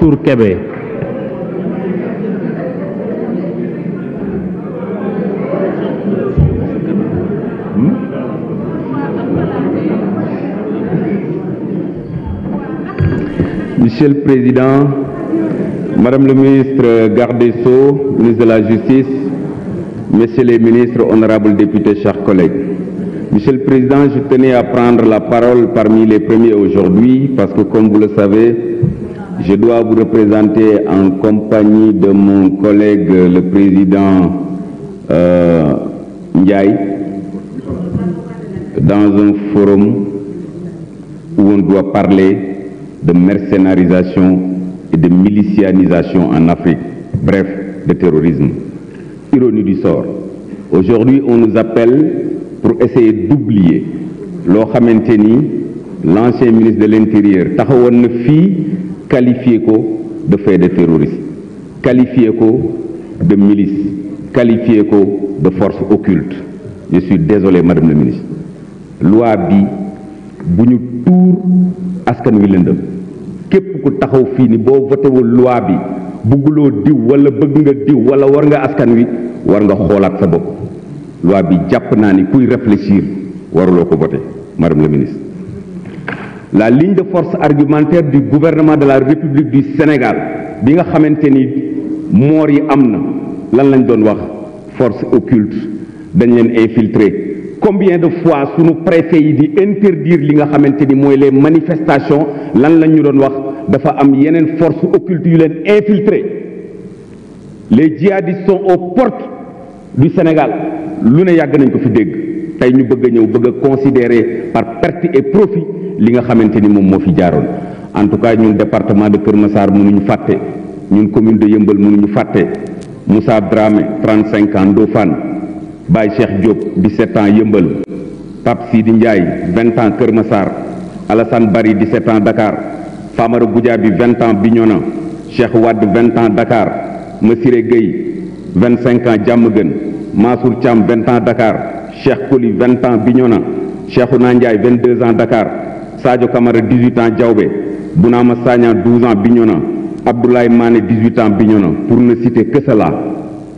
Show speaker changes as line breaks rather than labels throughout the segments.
Hmm? Monsieur le Président, Madame le ministre Garde ministre de la Justice, Messieurs les ministres, honorables députés, chers collègues. Monsieur le Président, je tenais à prendre la parole parmi les premiers aujourd'hui parce que, comme vous le savez, je dois vous représenter en compagnie de mon collègue le président euh, Ndiaye dans un forum où on doit parler de mercénarisation et de milicianisation en Afrique, bref, de terrorisme. Ironie du sort. Aujourd'hui, on nous appelle pour essayer d'oublier l'ancien ministre de l'intérieur taxawoon qualifié ko de fait de terroriste qualifié ko de milice qualifié ko de force occulte je suis désolé madame la ministre loi bi bu tour askan wi lëndëm képp ku taxaw ni boo loi bi bëgguloo diw wala bëgg nga wala war nga askan wi war nga xoolaat sa bopp loi bi jàpp naa ni kuy réfléchir ko voter madame la ministre la ligne de force argumentaire du gouvernement de la République du Sénégal bi nga xamante ni moor yi am na lan lañ doon wax force occulte dañ leen infiltrer combien de fois sunu préfet yi di interdire li nga xamante ni les manifestations lan la ñu doon wax dafa am yeneen force occulte yu leen infiltrer les djihadistes sont aux portes du Sénégal L'une ne yàgg nañ ko fi dégg tey ñu bëgg a bëgg considérer par perte et profit li nga xamanteni mom mo fi jaaroon en tout cas ñun département de Keur Massar ñu faté ñun commune de Yembal Yëmbal ñu faté Moussa Dramé 35 ans Dofane Bay Cheikh Diop 17 ans Yembal Pape Sidi Ndiaye 20 ans Keur Massar Alassane Bari 17 ans Dakar Famara Goudiaby 20 ans Bignona Cheikh Wad 20 ans Dakar Massiré Gueye 25 ans Diamaguène Masour Cham 20 ans Dakar Cheikh Koli 20 ans Bignona Cheikh Ndiaye 22 ans Dakar Sadio Kamara 18 ans Djaoubé. Bounama Sanya, 12 ans Bignona Abdoulaye Mané 18 ans Bignona pour ne citer que cela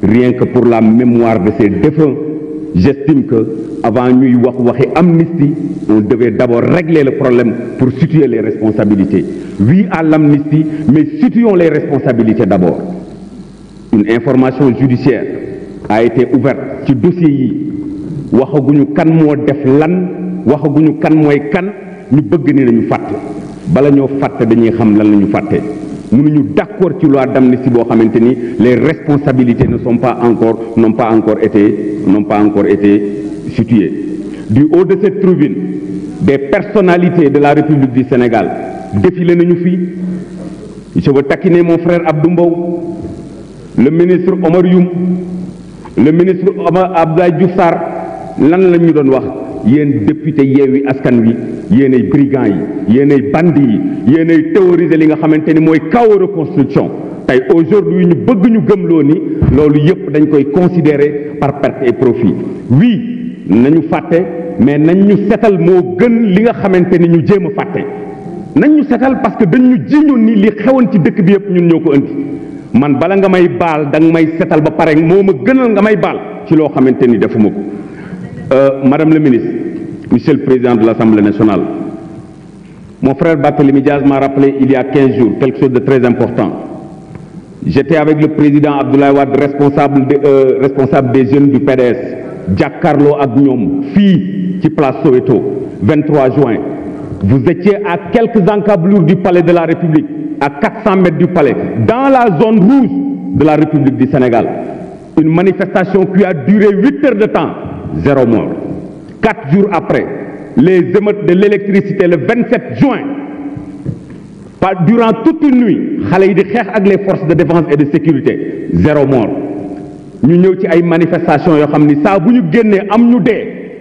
rien que pour la mémoire de ces défunts j'estime que avant ñuy wax waxi amnistie on devait d'abord régler le problème pour situer les responsabilités oui à l'amnistie mais situons les responsabilités d'abord une information judiciaire a été ouverte le dossier yi waxaguñu kan mo def lan waxaguñu kan moy kan nous bëgg ni lañu fàtte bala ñoo fàtte dañuy xam lan d'accord ci loi d'amnistie boo les responsabilités n'ont pas encore été situées du haut de cette tribune des personnalités de la République du Sénégal défilé nañu fi je veux taquiner mon frère Abdou le ministre Omar Yum, le ministre Abdoulaye Diouf Sarr lan lañu wax yéen député yeewi askan wi yéenay brigand yi yéenay bandi yi yéenay théoriser li nga xamante ni mooy kaw reconstruction tey aujourd'hui ñu bëgg ñu gëmloo ni loolu yëpp dañ koy considérer par perte et profit oui nañu fàtte mais nañ ñu setal moo gën li nga xamante ni ñu jéem a fàtte nañ ñu setal parce que dañ ñu jiñoon ni li xewoon ci dëkk bi yëpp ñun ñoo ko indi man bala nga may baal da nga may setal ba pare moo ma gënal nga may baal ci loo xamante ni defuma ko euh, Madame la ministre, Monsieur le Président de l'Assemblée nationale, mon frère Barthélémy m'a rappelé il y a 15 jours quelque chose de très important. J'étais avec le président Abdoulaye Wade, responsable, euh, des jeunes du PDS, Jacques-Carlo Agnom, fille qui place Soweto, 23 juin. Vous étiez à quelques encablures du palais de la République, à 400 mètres du palais, dans la zone rouge de la République du Sénégal. Une manifestation qui a duré 8 heures de temps zéro mort. Quatre jours après, les émeutes de l'électricité le 27 juin, durant toute une nuit, les forces de défense et de sécurité, zéro mort. Nous avons eu des manifestations, nous avons eu des balles,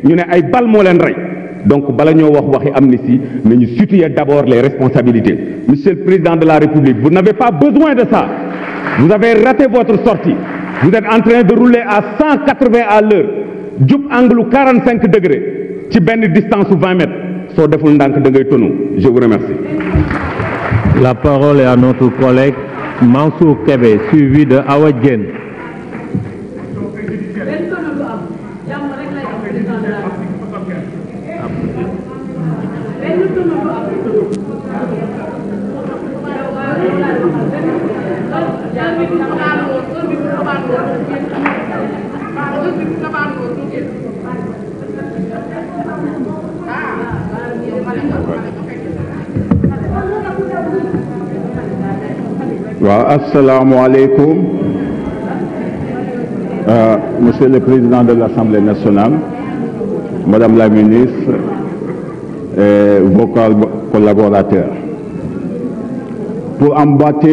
nous avons donc, bala ñoo wax waxi nous nañu d'abord les responsabilités monsieur le président de la république vous n'avez pas besoin de ça vous avez raté votre sortie vous êtes en train de rouler à 180 à l'heure jub angle 45 degré ci une distance de 20 mètres so deful ndank da ngay tënu je vous remercie. La parole est à notre collègue Mansour Kebe suivi de Awa Diène. Assalamu alaikum, euh, monsieur le président de l'Assemblée nationale madame la ministre et vos collaborateurs pour le